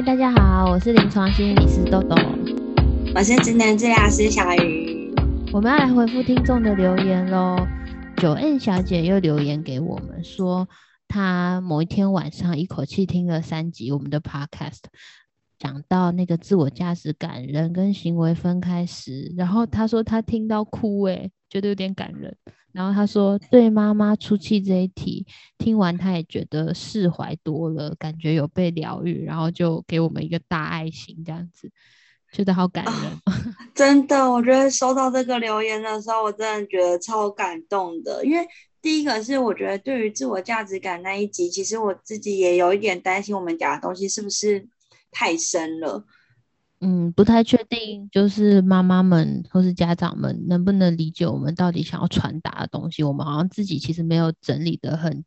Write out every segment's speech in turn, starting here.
Hi, 大家好，我是臨床心理師豆豆，我是職能治療師小魚，我們要來回復聽眾的留言嘍。九恩小姐又留言給我們說，她某一天晚上一口氣聽了三集我們的 podcast，講到那個自我價值感人跟行為分開時，然後她說她聽到哭誒，覺得有點感人。然後他說：“對媽媽出氣這一題，聽完他也覺得釋懷多了，感覺有被療癒，然後就給我們一個大愛心這樣子，覺得好感人。”哦，真的，我覺得收到這個留言的時候，我真的覺得超感動的。因為第一個是我覺得對於自我價值感那一集，其實我自己也有一點擔心，我們講的東西是不是太深了。嗯，不太確定，就是媽媽們或是家長們能不能理解我們到底想要傳達的東西。我們好像自己其實沒有整理的很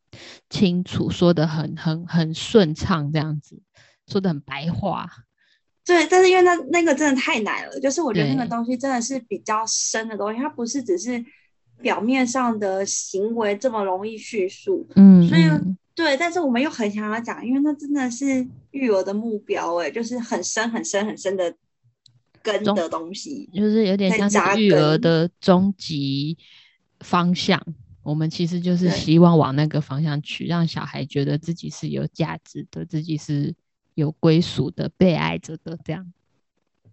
清楚，說的很很很順暢，這樣子說的很白話。對，但是因為那那個真的太難了，就是我覺得那個東西真的是比較深的東西，對它不是只是表面上的行為這麼容易敘述。嗯，嗯，所以。對，但是我們又很想要講，因為那真的是育兒的目標，欸，誒，就是很深很深很深的根的東西，就是有點像是育兒的終極方向。我們其實就是希望往那個方向去，對讓小孩覺得自己是有價值的，自己是有歸屬的、被愛着的這樣。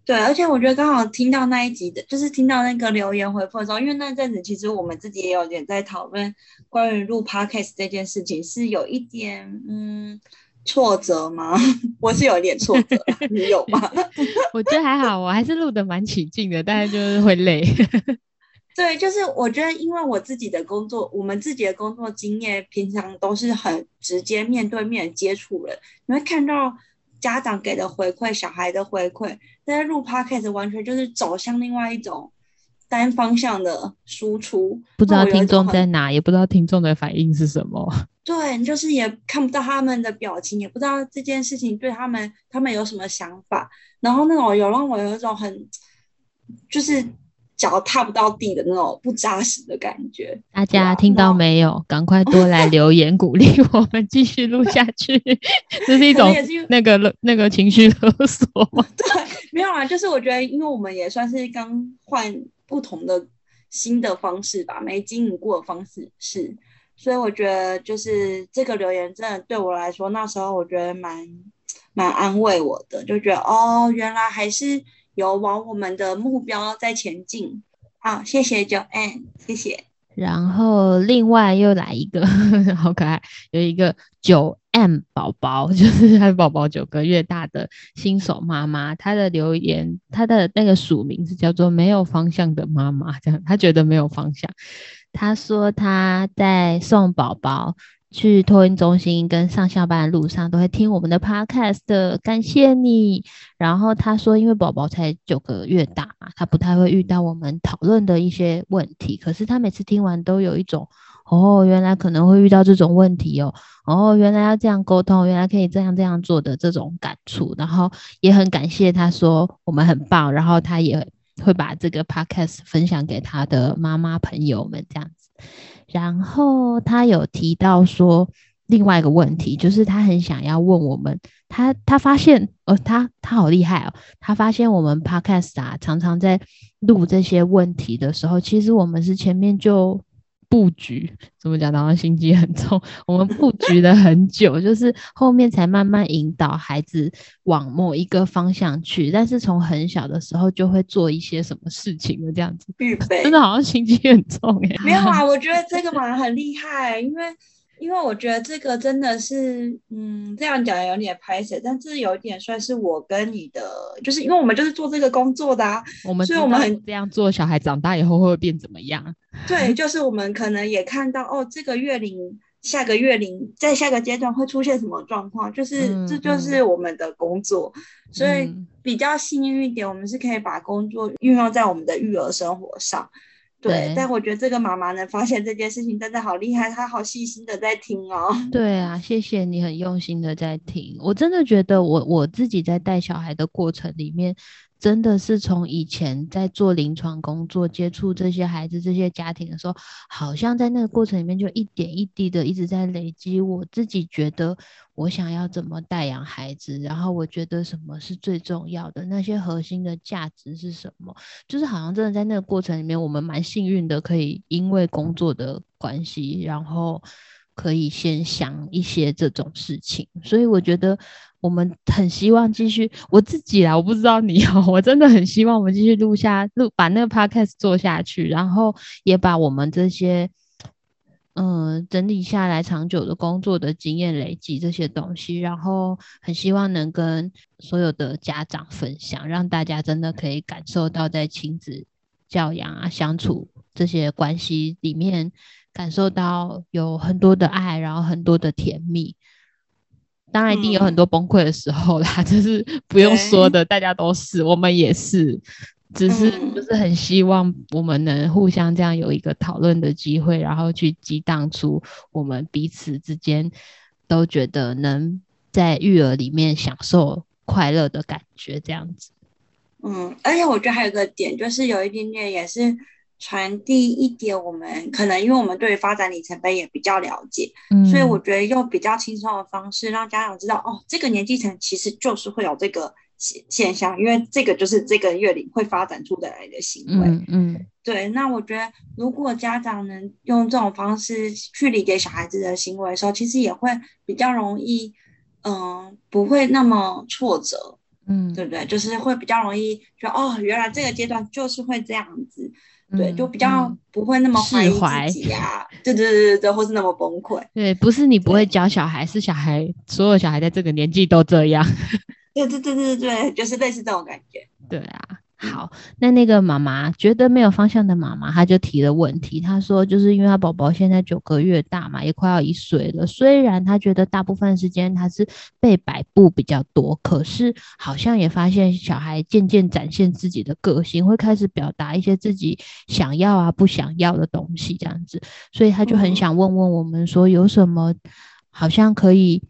對，而且我覺得剛好聽到那一集的，就是聽到那個留言回覆的時候，因為那陣子其實我們自己也有點在討論關於錄 podcast 這件事情，是有一點嗯挫折嗎？我是有一點挫折，你 有嗎？ 我覺得還好，我還是錄的蠻起勁的， 但是就是會累。 對，就是我覺得因為我自己的工作，我們自己的工作經驗，平常都是很直接面對面接觸的，你會看到。家長給的回饋，小孩的回饋，但些入 p o 始 c t 完全就是走向另外一種單方向的輸出。不知道聽眾在哪，也不知道聽眾的反應是什麼。對，就是也看不到他們的表情，也不知道這件事情對他們，他們有什麼想法。然後那種有讓我有一種很，就是。腳踏不到地的那種不紮實的感覺，大家聽到沒有？趕、啊、快多來留言 鼓勵我們繼續錄下去。 這是一種那個 那個情緒勒索。對，沒有啊，就是我覺得，因為我們也算是剛換不同的新的方式吧，沒經營過的方式是，所以我覺得就是這個留言真的對我來說，那時候我覺得蠻蠻安慰我的，就覺得哦，原來還是。有往我們的目標在前進。好，謝謝九 M，謝謝。然後另外又來一個，呵呵好可愛，有一個九 M 寶寶，就是他的寶寶九個月大的新手媽媽。他的留言，他的那個署名是叫做“沒有方向的媽媽”這樣，他覺得沒有方向。他說他在送寶寶。去托運中心跟上下班的路上都會聽我們的 podcast 的，感謝你。然後他說，因為寶寶才九個月大嘛，他不太會遇到我們討論的一些問題。可是他每次聽完都有一種，哦，原來可能會遇到這種問題哦，哦，原來要這樣溝通，原來可以這樣這樣做的這種感觸。然後也很感謝他說我們很棒，然後他也會把這個 podcast 分享給他的媽媽朋友們這樣。然後他有提到說，另外一個問題，就是他很想要問我們，他他發現哦，他他好厲害哦，他發現我們 podcast 啊，常常在錄這些問題的時候，其實我們是前面就。佈局怎麼講？好像心機很重。我們佈局了很久， 就是後面才慢慢引導孩子往某一個方向去。但是從很小的時候就會做一些什麼事情的這樣子，真的備 好像心機很重耶。沒有啊，我覺得這個嘛很厲害， 因為。因為我覺得這個真的是，嗯，這樣講有點拍謝，但是有一點算是我跟你的，就是因為我們就是做這個工作的啊，我們所以我們很這樣做，小孩長大以後會不會變怎麼樣？對，就是我們可能也看到哦，這個月齡，下個月齡，再下個階段會出現什麼狀況？就是，嗯，這就是我們的工作，嗯，所以比較幸運一點，我們是可以把工作運用在我們的育兒生活上。對，對，但我覺得這個媽媽呢，發現這件事情，真的好厲害，她好細心的在聽哦。對啊，謝謝你很用心的在聽，我真的覺得我我自己在帶小孩的過程裡面。真的是從以前在做臨床工作、接觸這些孩子、這些家庭的時候，好像在那個過程裡面就一點一滴的一直在累積。我自己覺得我想要怎麼帶養孩子，然後我覺得什麼是最重要的，那些核心的價值是什麼，就是好像真的在那個過程裡面，我們蠻幸運的，可以因為工作的關係，然後可以先想一些這種事情。所以我覺得。我們很希望繼續我自己啦，我不知道你哦，我真的很希望我們繼續錄下錄，把那個 podcast 做下去，然後也把我們這些嗯整理下來長久的工作的經驗累積這些東西，然後很希望能跟所有的家長分享，讓大家真的可以感受到在親子教養啊相處這些關係裡面，感受到有很多的愛，然後很多的甜蜜。當然一定有很多崩潰的時候啦，就、嗯、是不用說的，對大家都是，我們也是，只是就是很希望我們能互相這樣有一個討論的機會，然後去激盪出我們彼此之間都覺得能在育兒裡面享受快樂的感覺，這樣子。嗯，而且我覺得還有一個點，就是有一點點也是。傳遞一點，我們可能因為我們對於發展里程碑也比較了解，嗯，所以我覺得用比較輕鬆的方式讓家長知道，哦，這個年紀層其實就是會有這個現現象，因為這個就是這個月齡會發展出來的行為，嗯，嗯對。那我覺得如果家長能用這種方式去理解小孩子的行為的時候，其實也會比較容易，嗯，呃，不會那麼挫折，嗯，對不對？就是會比較容易，覺得哦，原來這個階段就是會這樣子。對，就比較不會那麼釋懷、啊、懷對對對對，或是那麼崩潰。對，不是你不會教小孩，對是小孩，所有小孩在這個年紀都這樣。對對對對對，就是類似這種感覺。對啊。好，那那個媽媽覺得沒有方向的媽媽，她就提了問題。她說，就是因為她寶寶現在九個月大嘛，也快要一歲了。雖然她覺得大部分時間她是被擺布比較多，可是好像也發現小孩漸漸展現自己的個性，會開始表達一些自己想要啊不想要的東西這樣子。所以她就很想問問我們說，有什麼好像可以。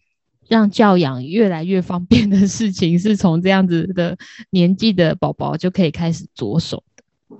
讓教養越來越方便的事情，是從這樣子的年紀的寶寶就可以開始着手的。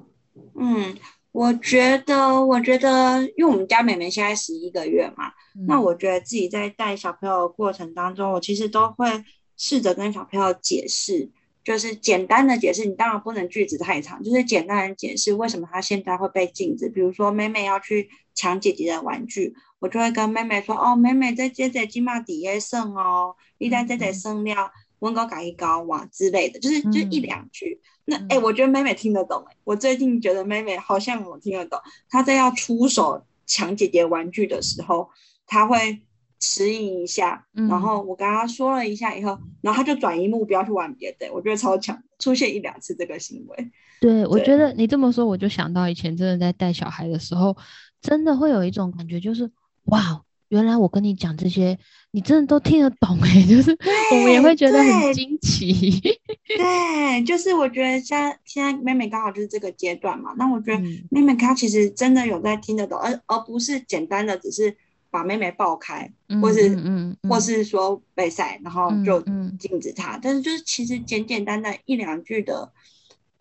嗯，我覺得，我覺得，因為我們家妹妹現在十一個月嘛，嗯、那我覺得自己在帶小朋友的過程當中，我其實都會試着跟小朋友解釋，就是簡單的解釋，你當然不能句子太長，就是簡單的解釋為什麼她現在會被禁止，比如說妹妹要去搶姐姐的玩具。我就會跟妹妹說：“哦，妹妹，接這金嘛，底下生哦，一再接這生了，溫高感一高哇之類的，就是就是，一兩句。嗯、那哎，欸嗯、我覺得妹妹聽得懂，我最近覺得妹妹好像我聽得懂，她在要出手搶姐姐玩具的時候，她會遲疑一下，嗯、然後我跟她說了一下以後，然後她就轉移目標去玩別的。我覺得超強出現一兩次這個行為。對，對我覺得你這麼說，我就想到以前真的在帶小孩的時候，真的會有一種感覺，就是。哇，wow, 原來我跟你講這些，你真的都聽得懂哎，欸，就是我們也會覺得很驚奇。對，對，就是我覺得像現，現在妹妹剛好就是這個階段嘛，那我覺得妹妹她其實真的有在聽得懂，嗯、而而不是簡單的只是把妹妹抱開，或是嗯，嗯嗯或是說被塞，嗯、然後就禁止她。嗯嗯、但是就是其實簡簡單單一兩句的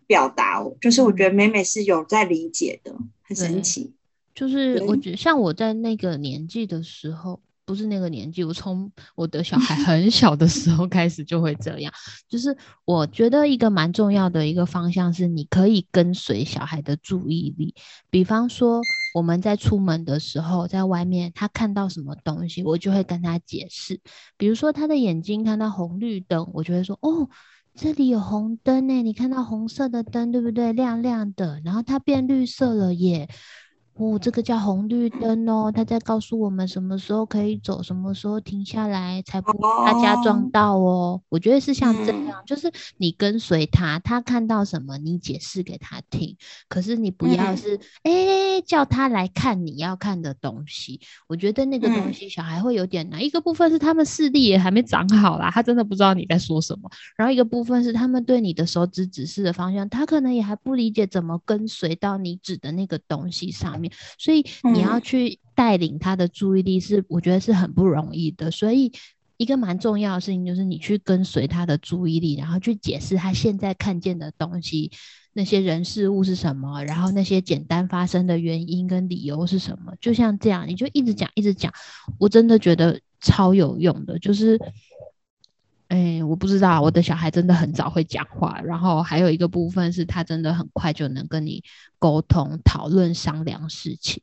表達，就是我覺得妹妹是有在理解的，很神奇。嗯嗯嗯就是我覺像我在那個年紀的時候，不是那個年紀，我從我的小孩很小的時候開始就會這樣。 就是我覺得一個蠻重要的一個方向是，你可以跟隨小孩的注意力。比方說，我們在出門的時候，在外面他看到什麼東西，我就會跟他解釋。比如說，他的眼睛看到紅綠燈，我就會說：“哦，這裡有紅燈呢，你看到紅色的燈對不對？亮亮的，然後它變綠色了耶。”哦，這個叫紅綠燈哦，他在告訴我們什麼時候可以走，什麼時候停下來才不會大家撞到哦。Oh. 我覺得是像這樣，mm. 就是你跟隨他，他看到什麼你解釋給他聽，可是你不要是哎、mm. 欸、叫他來看你要看的東西。我覺得那個東西小孩會有點難，mm. 一個部分是他們視力也還沒長好啦，他真的不知道你在說什麼。然後一個部分是他們對你的手指指示的方向，他可能也還不理解怎麼跟隨到你指的那個東西上面。所以你要去帶領他的注意力，是我覺得是很不容易的。所以一個蠻重要的事情就是，你去跟隨他的注意力，然後去解釋他現在看見的東西，那些人事物是什麼，然後那些簡單發生的原因跟理由是什麼，就像這樣，你就一直講，一直講，我真的覺得超有用的，就是。哎、欸，我不知道，我的小孩真的很早會講話，然後還有一個部分是他真的很快就能跟你溝通、討論、商量事情。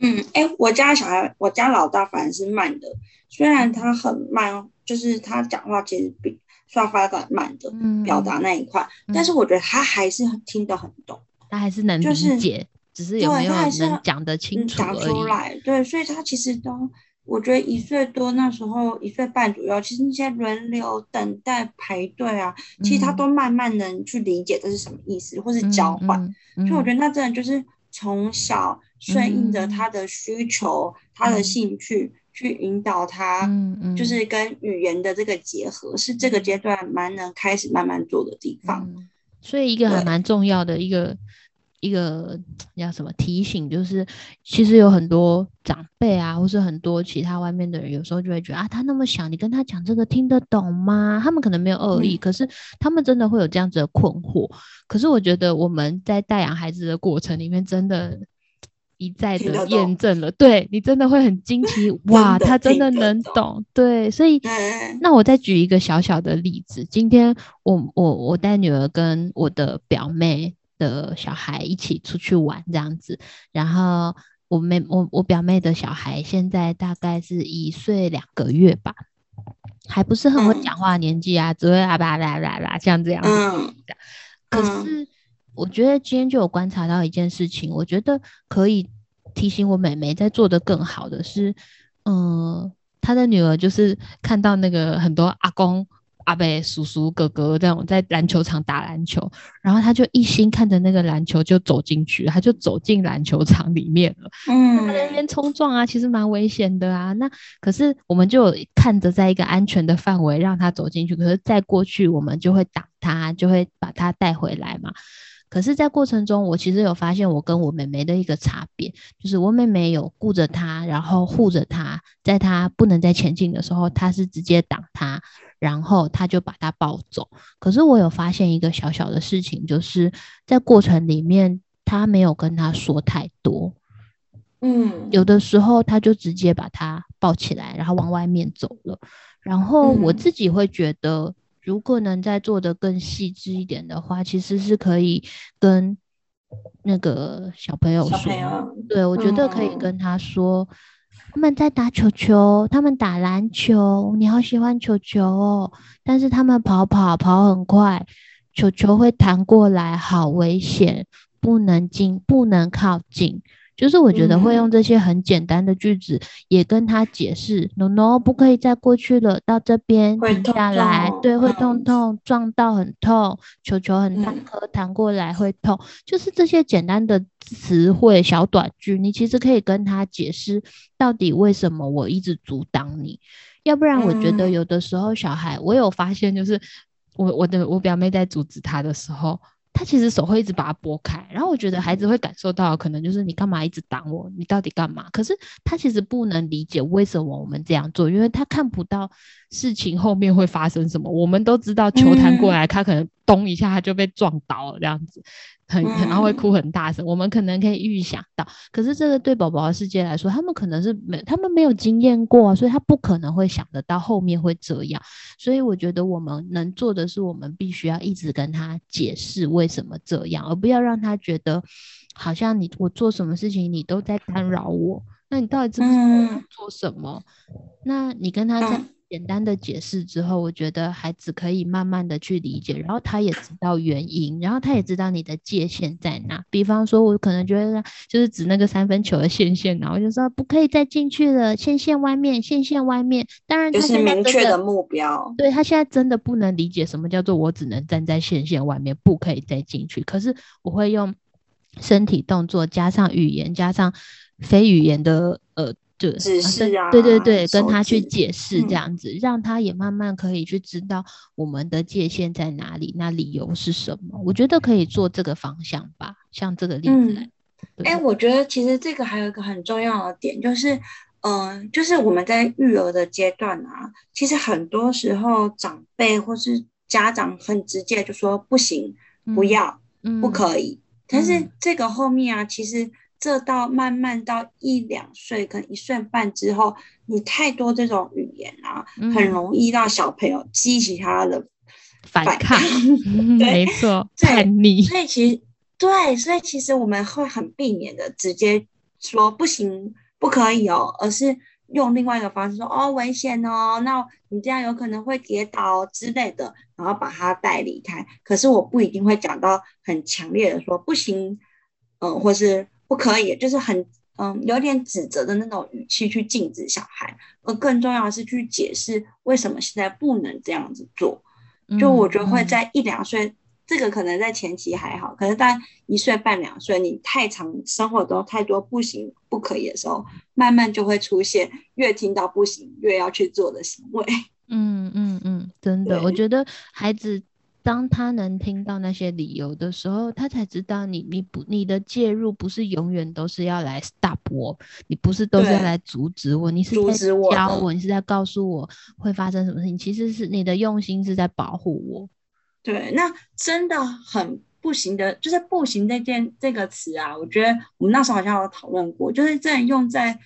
嗯，哎、欸，我家小孩，我家老大反而是慢的，雖然他很慢，就是他講話其實比算發展慢的、嗯、表達那一塊，嗯、但是我覺得他還是聽得很懂，他還是能理解，就是、只是有沒有人能講得清楚講出來？對，所以他其實都。我覺得一歲多那時候，一歲半左右，其實那些輪流等待排隊啊，其實他都慢慢能去理解這是什麼意思，嗯、或是交換。嗯嗯、所以我覺得那真的就是從小順應着他的需求、嗯、他的興趣、嗯、去引導他，嗯、就是跟語言的這個結合，嗯、是這個階段蠻能開始慢慢做的地方。嗯、所以一個還蠻重要的一個。一個叫什麼提醒？就是其實有很多長輩啊，或是很多其他外面的人，有時候就會覺得啊，他那麼小，你跟他講這個聽得懂嗎？他們可能沒有惡意，嗯、可是他們真的會有這樣子的困惑。可是我覺得我們在帶養孩子的過程裡面，真的一再的驗證了，對，你真的會很驚奇 哇，他真的能懂。對，所以欸欸，那我再舉一個小小的例子，今天我我我帶女兒跟我的表妹。的小孩一起出去玩這樣子，然後我妹我我表妹的小孩現在大概是一歲兩個月吧，還不是很會講話的年紀啊，嗯，只會啊吧啦啦啦啦，像這樣子，嗯，可是我覺得今天就有觀察到一件事情，我覺得可以提醒我妹妹在做得更好的是，嗯，她的女兒就是看到那個很多阿公。阿伯、叔叔、哥哥這樣在籃球場打籃球，然後他就一心看着那個籃球就走進去，他就走進籃球場裡面了。嗯，那他那邊衝撞啊，其實蠻危險的啊。那可是我們就看着在一個安全的範圍讓他走進去，可是再過去我們就會擋他，就會把他帶回來嘛。可是，在過程中，我其實有發現我跟我妹妹的一個差別，就是我妹妹有顧着她，然後護着她，在她不能再前進的時候，她是直接擋她，然後她就把她抱走。可是，我有發現一個小小的事情，就是在過程裡面，她沒有跟她說太多。嗯，有的時候，她就直接把她抱起來，然後往外面走了。然後，我自己會覺得。嗯如果能再做得更細緻一點的話，其實是可以跟那個小朋友說，小朋友。對，我覺得可以跟他說，嗯哦，他們在打球球，他們打籃球，你好喜歡球球哦，但是他們跑跑跑很快，球球會彈過來，好危險，不能進，不能靠近。就是我覺得會用這些很簡單的句子，也跟他解釋、嗯、，no no 不可以再過去了，到這邊停下來，對，會痛痛撞到很痛，好球球很大顆，嗯、彈過來會痛，就是這些簡單的詞彙、小短句，你其實可以跟他解釋到底為什麼我一直阻擋你，要不然我覺得有的時候小孩，我有發現就是我我的我表妹在阻止他的時候。他其實手會一直把它撥開，然後我覺得孩子會感受到，可能就是你幹嘛一直擋我，你到底幹嘛？可是他其實不能理解為什麼我們這樣做，因為他看不到。事情後面會發生什麼？我們都知道球彈過來，嗯、他可能咚一下他就被撞倒了，這樣子很可能會哭很大聲。我們可能可以預想到，可是這個對寶寶的世界來說，他們可能是沒他們沒有經驗過、啊，所以他不可能會想得到後面會這樣。所以我覺得我們能做的是，我們必須要一直跟他解釋為什麼這樣，而不要讓他覺得好像你我做什麼事情你都在干擾我。嗯、那你到底在、嗯、做什麼？那你跟他在、嗯。簡單的解釋之後，我覺得孩子可以慢慢的去理解，然後他也知道原因，然後他也知道你的界限在哪。比方說，我可能覺得就是指那個三分球的線線，然後我就說不可以再進去了，線線外面，線線外面。當然他，就是明確的目標。對，他現在真的不能理解什麼叫做我只能站在線線外面，不可以再進去。可是我會用身體動作加上語言加上非語言的呃。就對、啊啊，對對對，對，指跟他去解釋這樣子，嗯、讓他也慢慢可以去知道我們的界限在哪裡，那理由是什麼？我覺得可以做這個方向吧，像這個例子來。哎，我覺得其實這個還有一個很重要的點，就是，嗯、呃，就是我們在育兒的階段啊，其實很多時候長輩或是家長很直接就說不行、不要、嗯、不可以，嗯、但是這個後面啊，其實。這到慢慢到一兩歲，可能一歲半之後，你太多這種語言啊，嗯、很容易讓小朋友激起他的反抗。 對，沒錯，叛逆對。你所以其實對，所以其實我們會很避免的，直接說不行，不可以哦，而是用另外一個方式說哦，危險哦，那你這樣有可能會跌倒之類的，然後把他帶離開。可是我不一定會講到很強烈的說不行，嗯、呃，或是。不可以，就是很嗯，有點指責的那種語氣去禁止小孩，而更重要的是去解釋為什麼現在不能這樣子做。就我覺得會在一兩歲，嗯、這個可能在前期還好，可是在一歲半、兩歲，你太長生活中太多不行、不可以的時候，慢慢就會出現越聽到不行越要去做的行為。嗯嗯嗯，真的，對我覺得孩子。當他能聽到那些理由的時候，他才知道你你不你的介入不是永遠都是要來 stop 我，你不是都是要來阻止我，對你是阻止我教我，你是在告訴我會發生什麼事情。其實是你的用心是在保護我。對，那真的很不行的，就是不行這件這個詞啊，我覺得我們那時候好像有討論過，就是在用在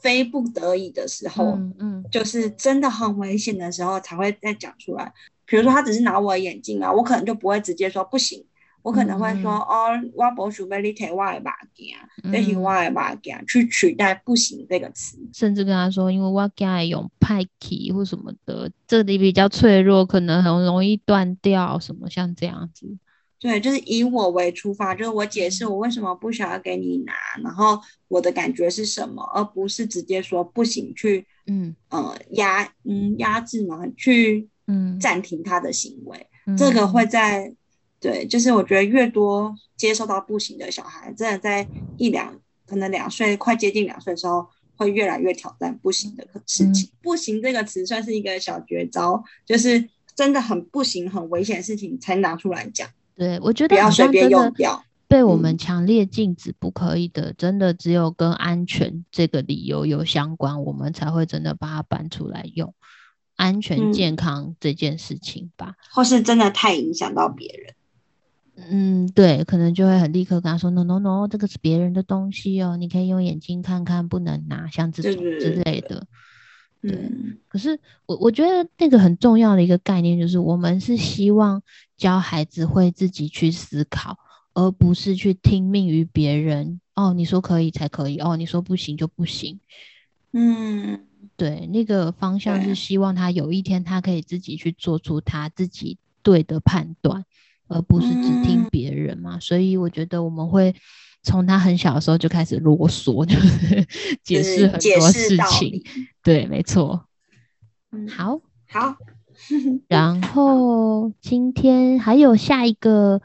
非不得已的時候，嗯嗯，嗯就是真的很危險的時候才會再講出來。比如說他只是拿我的眼鏡啊，我可能就不會直接說不行，我可能會說、嗯、哦，我不想要你拿我的眼鏡，嗯、這是我的眼鏡，去取代不行這個詞，甚至跟他說，因為我的用派氣或什麼的，這裡比較脆弱，可能很容易斷掉什麼，像這樣子。對，就是以我為出發，就是我解釋我為什麼不想要給你拿，然後我的感覺是什麼，而不是直接說不行去，嗯呃壓嗯壓制嘛去。嗯，暫停他的行為，嗯、這個會在對，就是我覺得越多接受到不行的小孩，真的在一兩可能兩歲快接近兩歲的時候，會越來越挑戰不行的事情。嗯、不行這個詞算是一個小絕招，就是真的很不行、很危險的事情才拿出來講。對，我覺得不要隨便用掉，被我們強烈禁止、嗯、禁止不可以的，真的只有跟安全這個理由有相關，我們才會真的把它搬出來用。安全健康這件事情吧，嗯，或是真的太影響到別人，嗯，對，可能就會很立刻跟他說：“no no no，這個是別人的東西哦，你可以用眼睛看看，不能拿，像這種之類的。”對，對，對，對，對，嗯，可是我我覺得那個很重要的一個概念就是，我們是希望教孩子會自己去思考，而不是去聽命於別人。哦，你說可以才可以，哦，你說不行就不行，嗯。對，那個方向是希望他有一天他可以自己去做出他自己對的判斷，啊、而不是只聽別人嘛。嗯、所以我覺得我們會從他很小的時候就開始囉嗦，就是解釋很多事情。嗯、對，沒錯。嗯、好，好。然後好今天還有下一個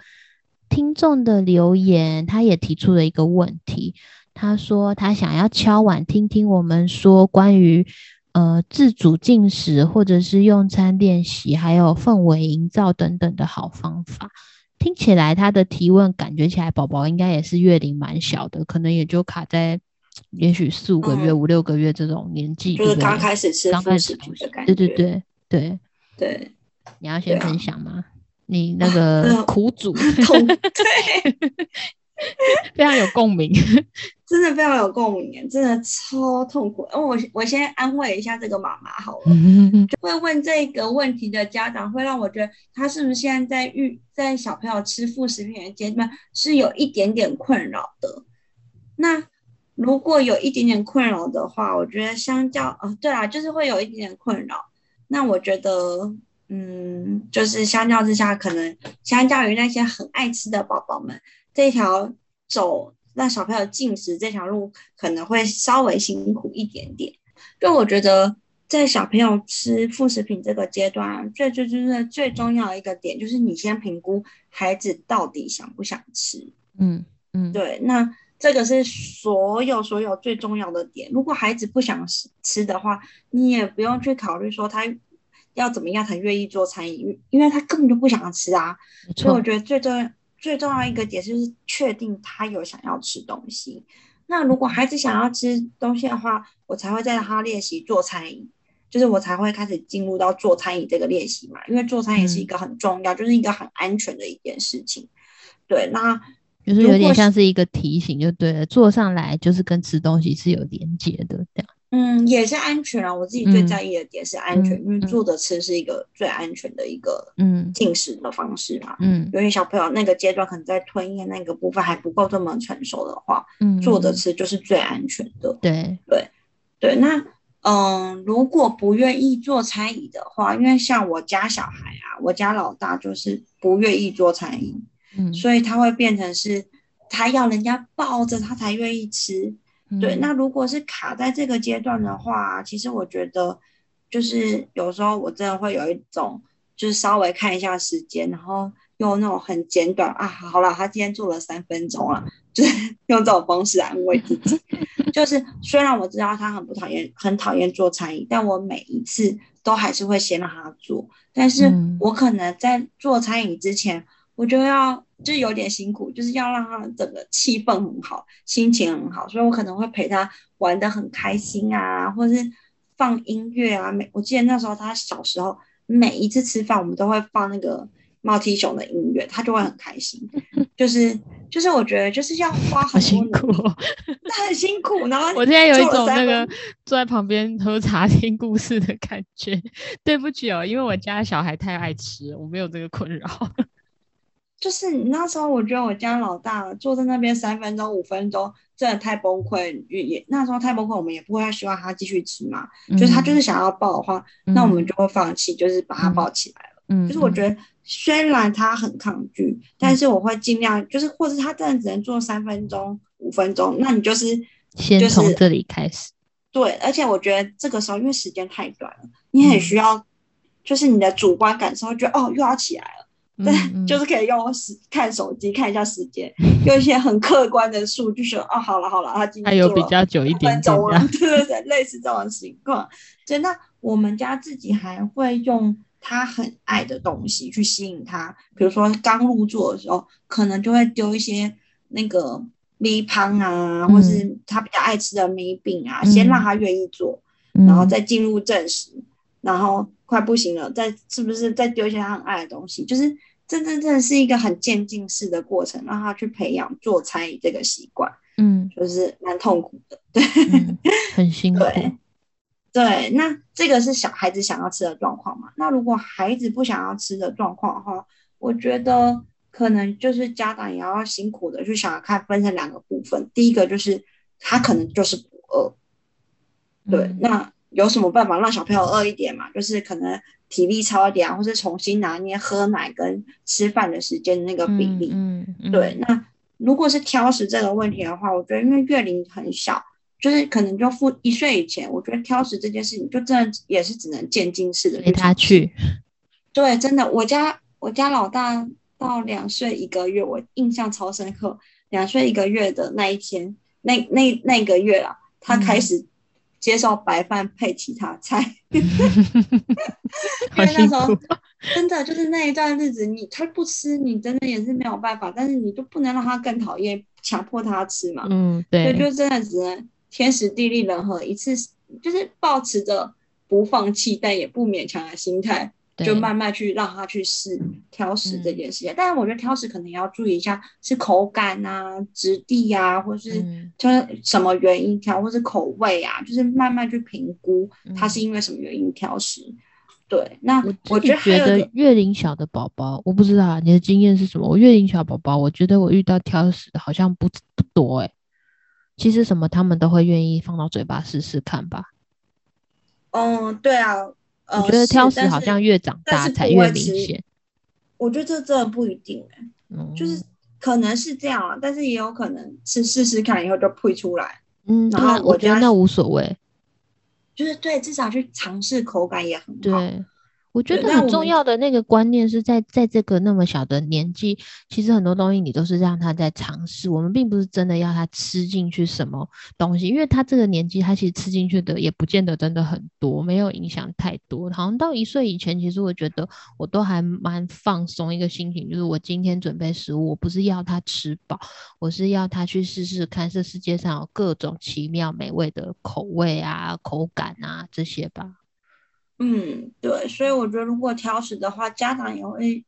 聽眾的留言，他也提出了一個問題。他說他想要敲碗，聽聽我們說關於呃自主進食或者是用餐練習，還有氛圍營造等等的好方法。聽起來他的提問感覺起來，寶寶應該也是月齡蠻小的，可能也就卡在也許四五個月，嗯、五六個月這種年紀，就是剛開始吃，剛開始的感覺。對對對對對，對對你要先分享嗎？啊、你那個苦主。痛、啊、對、啊 非常有共鳴 ，真的非常有共鳴，真的超痛苦。哦、我我先安慰一下這個媽媽好了。就會問這個問題的家長，會讓我覺得他是不是現在在遇在小朋友吃副食品的階段是有一點點困擾的。那如果有一點點困擾的話，我覺得相較啊、呃，對啊，就是會有一點點困擾。那我覺得，嗯，就是相較之下，可能相較於那些很愛吃的寶寶們。這條走讓小朋友進食這條路可能會稍微辛苦一點點，但我覺得在小朋友吃副食品這個階段，最最最最重要的一個點就是你先評估孩子到底想不想吃。嗯嗯，嗯對，那這個是所有所有最重要的點。如果孩子不想吃吃的話，你也不用去考慮說他要怎麼樣才願意坐餐椅，因為他根本就不想吃啊。沒錯。所以我覺得最重要。最重要一個點就是確定他有想要吃東西。那如果孩子想要吃東西的話，啊、我才會在他練習做餐椅，就是我才會開始進入到做餐椅這個練習嘛。因為做餐椅是一個很重要，嗯、就是一個很安全的一件事情。對，那如果就是有點像是一個提醒，就對了。坐上來就是跟吃東西是有連接的這樣。嗯，也是安全啊。我自己最在意的也是安全，嗯、因為坐着吃是一個最安全的一個嗯進食的方式嘛。嗯，嗯，因為小朋友那個階段可能在吞嚥那個部分還不夠這麼成熟的話，嗯，坐着吃就是最安全的。嗯、對對對。那嗯、呃，如果不願意坐餐椅的話，因為像我家小孩啊，我家老大就是不願意坐餐椅，嗯，所以他會變成是他要人家抱着他才願意吃。對，那如果是卡在這個階段的話，其實我覺得，就是有時候我真的會有一種，就是稍微看一下時間，然後用那種很簡短啊，好了，他今天做了三分鐘啊，就是用這種方式來安慰自己。就是雖然我知道他很不討厭，很討厭坐餐椅，但我每一次都還是會先讓他做，但是我可能在坐餐椅之前。我就要，就是有點辛苦，就是要讓他們整個氣氛很好，心情很好，所以我可能會陪他玩得很開心啊，或者是放音樂啊。每我記得那時候他小時候，每一次吃飯我們都會放那個貓提熊的音樂，他就會很開心。 就是就是我覺得就是要花很多好辛苦哦，那 很辛苦。然後我現在有一種那個坐在旁邊喝茶聽故事的感覺。 對不起哦，因為我家小孩太愛吃，我沒有這個困擾。 就是你那時候，我覺得我家老大坐在那邊三分鐘、五分鐘，真的太崩潰。也也那時候太崩潰，我們也不會希望他繼續吃嘛。嗯、就是他就是想要抱的話，嗯、那我們就會放棄，就是把他抱起來了。嗯嗯、就是我覺得雖然他很抗拒，嗯、但是我會盡量，就是或者他這樣只能坐三分鐘、五分鐘，那你就是先從這裡開始。對，而且我覺得這個時候因為時間太短了，你很需要，就是你的主觀感受會覺得、嗯、哦，又要起來了。對，就是可以用看手機看一下時間，嗯、用一些很客觀的數據說 哦，好了好了，他今天坐了比較久一點點。對，對，對，類似這種情況。真的， 那我們家自己還會用他很愛的東西去吸引他，比如說剛入座的時候，可能就會丟一些那個米湯啊，嗯、或是他比較愛吃的米餅啊，嗯、先讓他願意坐，嗯、然後再進入正食、嗯，然後快不行了，再是不是再丟一些他很愛的東西，就是。這真，真，真的是一個很漸進式的過程，讓他去培養做餐椅這個習慣，嗯，就是蠻痛苦的，對，嗯、很辛苦，對，對。那這個是小孩子想要吃的狀況嘛？那如果孩子不想要吃的狀況哈，我覺得可能就是家長也要辛苦的去想要看分成兩個部分。第一個就是他可能就是不餓，嗯、對，那有什麼辦法讓小朋友餓一點嘛？就是可能。體力超量，或是重新拿捏喝奶跟吃飯的時間那個比例。嗯，嗯，對。那如果是挑食這個問題的話，我覺得因為月齡很小，就是可能就付一歲以前，我覺得挑食這件事情就真的也是只能漸進式的陪他去。對，真的，我家我家老大到兩歲一個月，我印象超深刻。兩歲一個月的那一天，那那那一個月啊，他開始，嗯。接受白飯配其他菜， 因為那時候真的就是那一段日子，你他不吃，你真的也是沒有辦法，但是你就不能讓他更討厭，強迫他吃嘛。嗯，對，所以就真的只能天時地利人和，一次就是保持着不放棄但也不勉強的心態。對就慢慢去讓他去試、嗯、挑食這件事情，嗯、但是我覺得挑食可能也要注意一下是口感啊、質地呀、啊，或是挑什麼原因挑，嗯、或是口味啊，嗯、就是慢慢去評估他是因為什麼原因挑食。嗯、對，那我覺得，我覺得月齡小的寶寶，我不知道、啊、你的經驗是什麼。我月齡小寶寶，我覺得我遇到挑食的好像不不多哎、欸。其實什麼他們都會願意放到嘴巴試試看吧。嗯，對啊。我覺得挑食好像越長大、呃、會吃才越明顯，我覺得這真的不一定、欸嗯、就是可能是這樣啊，但是也有可能是試試看以後就配出來，嗯，然後我，我覺得那無所謂，就是對，至少去嘗試口感也很好。對我覺得很重要的那個觀念是在對在這個那麼小的年紀，我其實很多東西你都是讓他在嘗試。我們並不是真的要他吃進去什麼東西，因為他這個年紀，他其實吃進去的也不見得真的很多，沒有影響太多。好像到一歲以前，其實我覺得我都還蠻放鬆一個心情，就是我今天準備食物，我不是要他吃飽，我是要他去試試看，這世界上有各種奇妙美味的口味啊、口感啊這些吧。嗯，對，所以我覺得如果挑食的話，家長也會，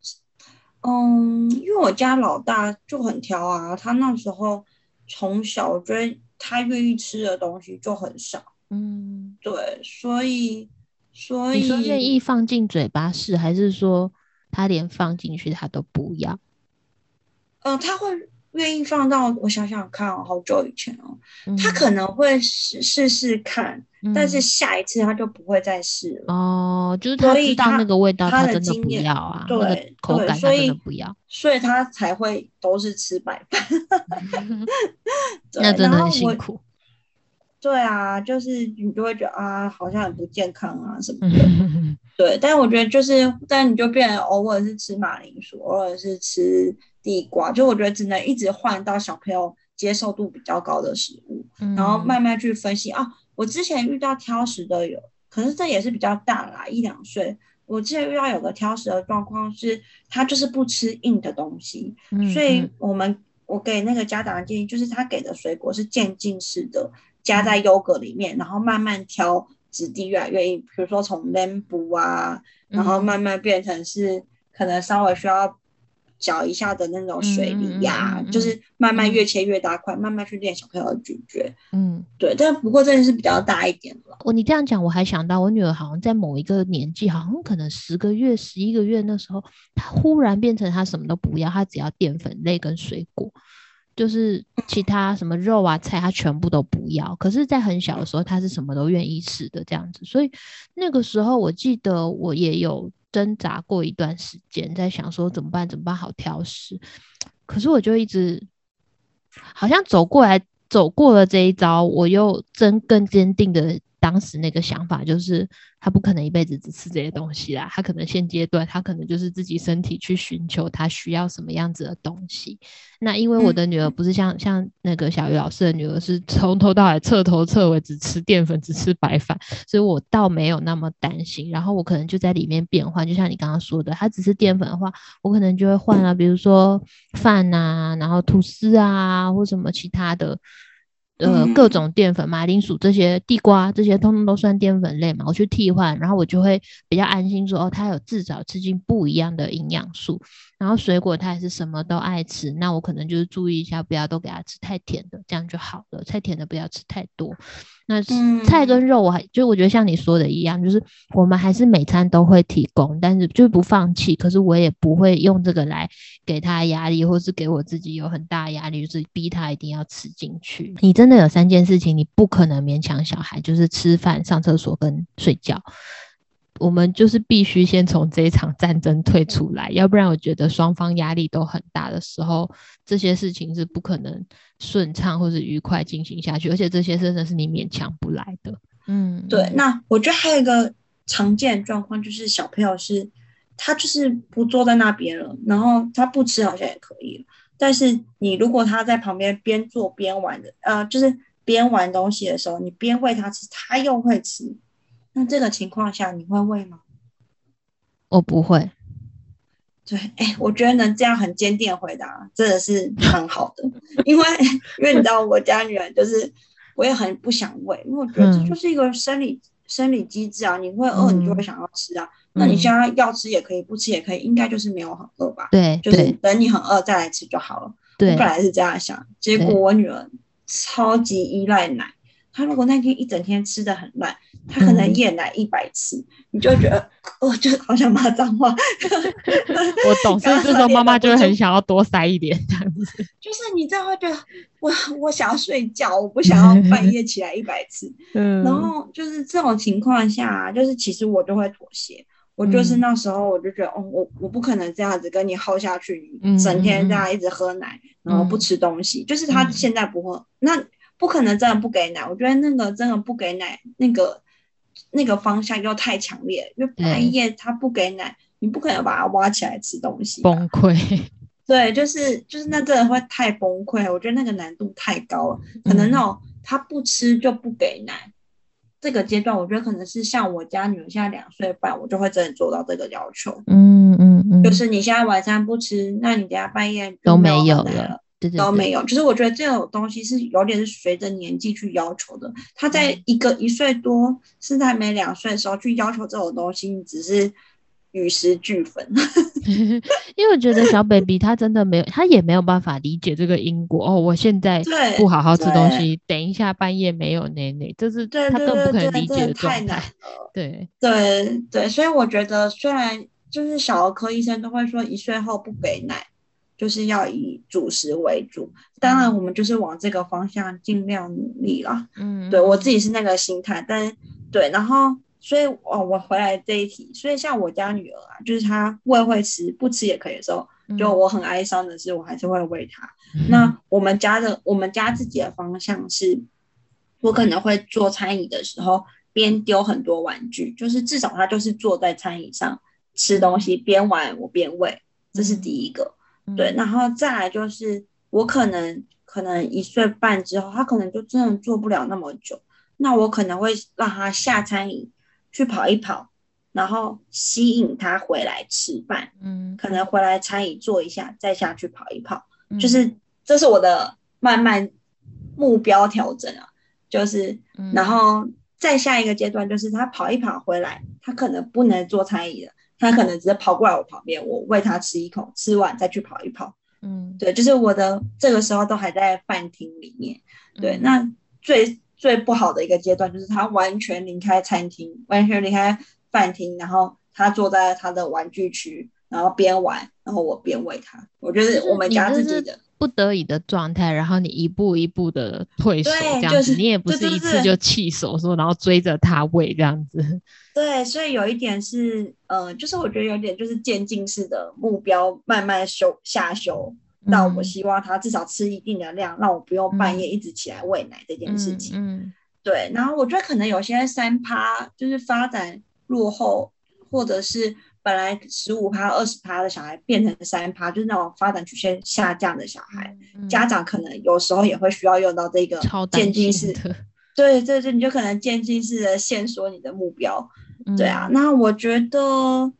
嗯，因為我家老大就很挑啊，他那時候從小，追，他願意吃的東西就很少。嗯，對，所以，所以你說願意放進嘴巴試，還是說他連放進去他都不要？嗯，他會。願意放到我想想看，好久以前哦，嗯、他可能會試試試看，嗯、但是下一次他就不會再試了哦。就是他知道他那個味道他真的不要啊，他的經驗啊，對口感他真的不要所，所以他才會都是吃白飯。 對那真的很辛苦。對啊，就是你就會覺得啊，好像很不健康啊什麼的。 對，但我覺得就是但你就變成偶爾是吃馬鈴薯，偶爾是吃。地瓜，就我覺得只能一直換到小朋友接受度比較高的食物，嗯、然後慢慢去分析。哦、啊，我之前遇到挑食的有，可是這也是比較大啦，啊，一兩歲。我之前遇到有個挑食的狀況是，他就是不吃硬的東西，嗯、所以我們我給那個家長的建議就是，他給的水果是漸進式的，加在優格裡面，然後慢慢挑質地越來越硬，比如說從 nabu 啊，然後慢慢變成是可能稍微需要。攪一下的那種水梨呀，啊，嗯嗯嗯嗯就是慢慢越切越大塊，嗯嗯慢慢去練小朋友的咀嚼。嗯，嗯，對。但不過真的是比較大一點了。我你這樣講，我還想到我女兒好像在某一個年紀，好像可能十個月、十一個月那時候，她忽然變成她什麼都不要，她只要澱粉類跟水果，就是其他什麼肉啊菜，她全部都不要。可是，在很小的時候，她是什麼都願意吃的這樣子。所以那個時候，我記得我也有。掙扎過一段時間，在想說怎麼辦？怎麼辦？好挑食，可是我就一直好像走過來，走過了這一遭，我又真更堅定的。當時那個想法就是，他不可能一輩子只吃這些東西啦。他可能現階段，他可能就是自己身體去尋求他需要什麼樣子的東西。那因為我的女兒不是像、嗯、像那個小魚老師的女兒，是從頭到尾徹頭徹尾只吃澱粉、只吃白飯，所以我倒沒有那麼擔心。然後我可能就在裡面變換，就像你剛剛說的，他只吃澱粉的話，我可能就會換了，比如說飯啊，然後吐司啊，或什麼其他的。呃，各種澱粉、馬鈴薯這些、地瓜這些，通通都算澱粉類嘛。我去替換，然後我就會比較安心說，哦，他有至少吃進不一樣的營養素。然後水果，他還是什麼都愛吃，那我可能就是注意一下，不要都給他吃太甜的，這樣就好了。太甜的不要吃太多。那菜跟肉，我還就，我覺得像你說的一樣，就是我們還是每餐都會提供，但是就不放棄。可是我也不會用這個來給他壓力，或是給我自己有很大壓力，就是逼他一定要吃進去。你真的有三件事情，你不可能勉強小孩，就是吃飯、上廁所跟睡覺。我們就是必須先從這一場戰爭退出來，要不然我覺得雙方壓力都很大的時候，這些事情是不可能順暢或是愉快進行下去，而且這些真的是你勉強不來的。嗯，對。那我覺得還有一個常見狀況就是小朋友是，他就是不坐在那邊了，然後他不吃好像也可以了，但是你如果他在旁邊邊坐邊玩的，呃，就是邊玩東西的時候，你邊餵他吃，他又會吃。那這個情況下你會餵嗎？我不會。對，哎、欸，我覺得能這樣很堅定的回答，真的是很好的。 因為，因為你知道我家女兒，就是我也很不想餵，因為我覺得這就是一個生理、嗯、生理機制啊。你會餓，你就會想要吃啊。嗯、那你現在要吃也可以，不吃也可以，應該就是沒有很餓吧？對，就是等你很餓再來吃就好了。對，我本來是這樣想，結果我女兒超級依賴奶，對她如果那天一整天吃的很爛。他可能夜奶一百次，嗯、你就覺得、嗯、哦，就好想罵髒話。 我懂，所以 跟她說這時候媽媽就會很想要多塞一點這樣子。就是你這樣會覺得我我想要睡覺，我不想要半夜起來一百次。嗯、然後就是這種情況下、啊，就是其實我就會妥協。我就是那時候我就覺得，嗯、哦，我我不可能這樣子跟你耗下去，整天這樣一直喝奶，嗯、然後不吃東西。嗯、就是他現在不喝，嗯、那不可能真的不給奶。我覺得那個真的不給奶那個。那個方向又太強烈，因為半夜他不給奶，嗯、你不可能把他挖起來吃東西。崩潰，對，就是就是那個人會太崩潰。我覺得那個難度太高了，可能那種他、嗯、不吃就不給奶。這個階段，我覺得可能是像我家女兒現在兩歲半，我就會真的做到這個要求。嗯嗯嗯，嗯嗯，就是你現在晚上不吃，那你等下半夜都沒有了。對對對，都沒有，就是我覺得這種東西是有點是隨着年紀去要求的。他在一個一歲多，甚至還沒兩歲的時候去要求這種東西，只是與時俱焚。因為我覺得小 baby 他真的沒有， 他也沒有辦法理解這個因果哦。我現在不好好吃東西，等一下半夜沒有奶奶，就是他都不可能理解的狀態。對對對，真的太難了。對對對，對，所以我覺得雖然就是小兒科醫生都會說一歲後不給奶。就是要以主食為主，當然我們就是往這個方向盡量努力啦。嗯，嗯，對，我自己是那個心態，但對，然後所以我、哦、我回來這一題，所以像我家女兒啊，就是她餵會吃不吃也可以的時候，就我很哀傷的是我還是會餵她。嗯、那我們家的我們家自己的方向是，我可能會做餐椅的時候邊丟很多玩具，就是至少她就是坐在餐椅上吃東西邊玩我，我邊餵，這是第一個。對，然後再來就是我可能可能一歲半之後，他可能就真的坐不了那麼久，那我可能會讓他下餐椅去跑一跑，然後吸引他回來吃飯，嗯，可能回來餐椅坐一下，再下去跑一跑，嗯、就是這是我的慢慢目標調整啊，就是，然後再下一個階段就是他跑一跑回來，他可能不能坐餐椅了。他可能直接跑過來我旁邊，我餵他吃一口，吃完再去跑一跑。嗯，對，就是我的這個時候都還在飯廳裡面。對，嗯、那最最不好的一個階段就是他完全離開餐廳，完全離開飯廳，然後他坐在他的玩具區，然後邊玩，然後我邊餵他。我覺得我們家自己的。不得已的狀態，然後你一步一步的退縮，對這樣子，就是、你也不是一次就棄手說，對然後追着他餵這樣子。對，所以有一點是，呃，就是我覺得有一點就是漸進式的目標，慢慢修下修到我希望他至少吃一定的量，嗯、讓我不用半夜一直起來餵奶這件事情。嗯，嗯對。然後我覺得可能有些三趴就是發展落後，或者是。本來十五趴、二十趴的小孩，變成三趴，就是那種發展曲線下降的小孩，嗯、家長可能有時候也會需要用到這個漸進式。對，對，對，你就可能漸進式的限縮你的目標。嗯、對啊，那我覺得。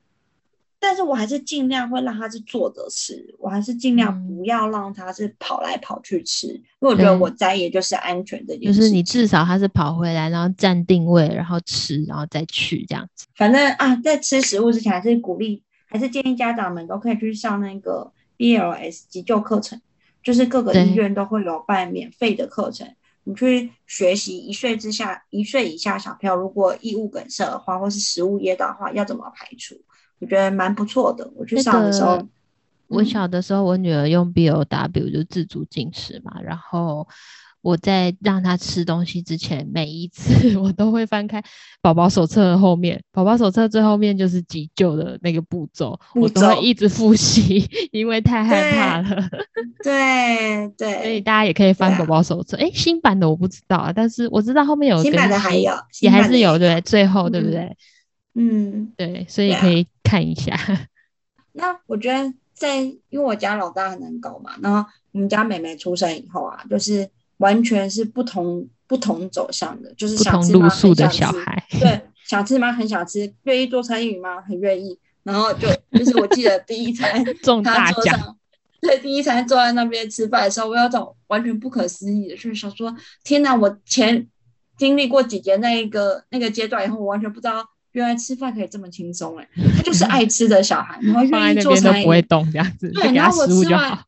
但是我還是盡量會讓他是坐着吃，我還是盡量不要讓他是跑來跑去吃，嗯、因為我覺得我摘也就是安全的這件事。就是你至少他是跑回來，然後站定位，然後吃，然後再去這樣子。反正啊，在吃食物之前，還是鼓勵，還是建議家長們都可以去上那個 BLS 急救課程，就是各個醫院都會有辦免費的課程，對你去學習一歲之下，一歲以下小朋友，如果異物梗塞的話，或是食物噎到的話，要怎麼排除？我覺得蠻不錯的。我去上的時候，那個嗯、我小的時候，我女兒用 BLW 就自主進食嘛。然後我在讓她吃東西之前，每一次我都會翻開寶寶手冊的後面，寶寶手冊最後面就是急救的那個步驟，步驟我都會一直複習，因為太害怕了。對對，對對 所以大家也可以翻寶寶手冊。哎、啊，新版的我不知道啊，但是我知道後面有個新版的還有，新版的也還是有對,新版的對，最後對不對？嗯嗯，對，所以可以看一下。Yeah. 那我覺得在，因為我家老大很難搞嘛，然後我們家妹妹出生以後啊，就是完全是不同不同走向的，就是想吃嗎？很想吃，對，想吃嗎？很想吃，願意坐餐椅嗎？很願意，然後就就是我記得第一餐他坐 獎上，對，第一餐坐在那邊吃飯的時候，我有種完全不可思議的出、就是、想說天吶，我前經歷過姐姐那一個那個階、那個、段以後，我完全不知道。原來吃飯可以這麼輕鬆哎、欸！他就是愛吃的小孩， 然後放在那邊都不會動這樣子。對，然後我吃完，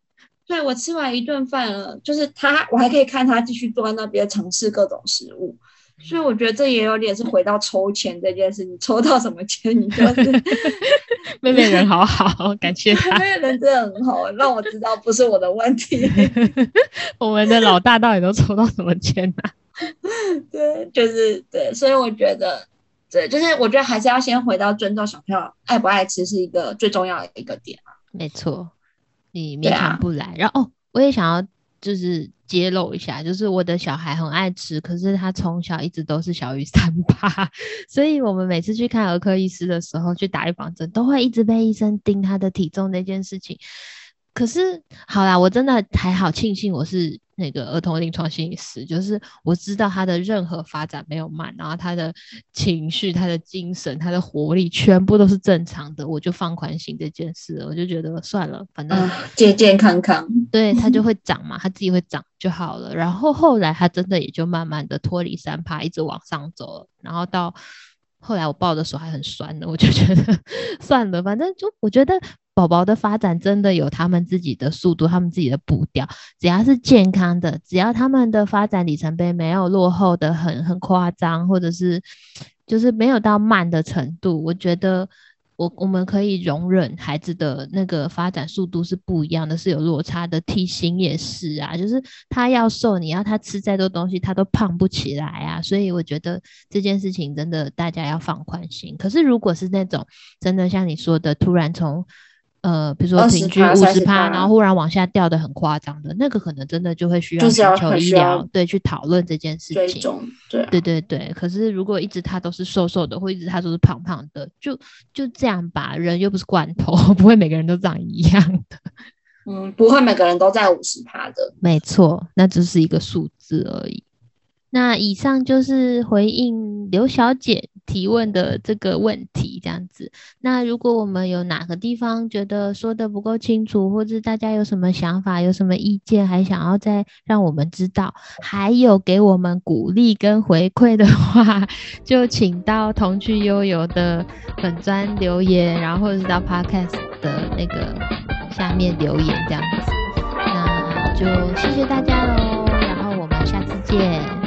對，我吃完一頓飯了，就是他，我還可以看他繼續坐在那邊嘗試各種食物。所以我覺得這也有點是回到抽籤這件事情，你抽到什麼籤你就是妹妹人好好，感謝他 妹妹人真的很好，讓我知道不是我的問題。 我們的老大到底都抽到什麼籤呢、啊？ 對，就是對，所以我覺得。對，就是我覺得還是要先回到尊重小朋友愛不愛吃是一個最重要的一個點啊。沒錯，你勉強不來。啊。然後哦，我也想要就是揭露一下，就是我的小孩很愛吃，可是他從小一直都是小於三趴，所以我們每次去看兒科醫師的時候去打預防針，都會一直被醫生盯他的體重那件事情。可是好啦，我真的還好慶幸我是。那個兒童臨床心理師，就是我知道他的任何發展沒有慢，然後他的情緒、他的精神、他的活力全部都是正常的，我就放寬心這件事，我就覺得算了，反正、哦、健健康康，嗯、對，他就會長嘛，他自己會長就好了。嗯、然後後來他真的也就慢慢的脫離三趴，一直往上走了。然後到後來我抱着手還很酸呢，我就覺得，呵呵，算了，反正就我覺得。寶寶的發展真的有他們自己的速度，他們自己的步調。只要是健康的，只要他們的發展里程碑沒有落後的很很誇張，或者是就是沒有到慢的程度，我覺得我我們可以容忍孩子的那個發展速度是不一樣的，是有落差的。體型也是啊，就是他要瘦，你要他吃再多東西，他都胖不起來啊。所以我覺得這件事情真的大家要放寬心。可是如果是那種真的像你說的，突然從呃，比如說平均五十趴，然後忽然往下掉的很誇張的那個，可能真的就會需要尋求，求醫療，對，去討論這件事情。對啊，對對對。可是如果一直他都是瘦瘦的，或一直他都是胖胖的，就就這樣吧。人又不是罐頭，不會每個人都長一樣的。嗯，不會每個人都在五十趴的。沒錯，那只是一個數字而已。那以上就是回應劉小姐提問的這個問題，這樣子。那如果我們有哪個地方覺得說得不夠清楚，或者大家有什麼想法、有什麼意見，還想要再讓我們知道，還有給我們鼓勵跟回饋的話，就請到童趣悠遊的粉專留言，然後或是到 Podcast 的那個下面留言，這樣子。那就謝謝大家嘍，然後我們下次見。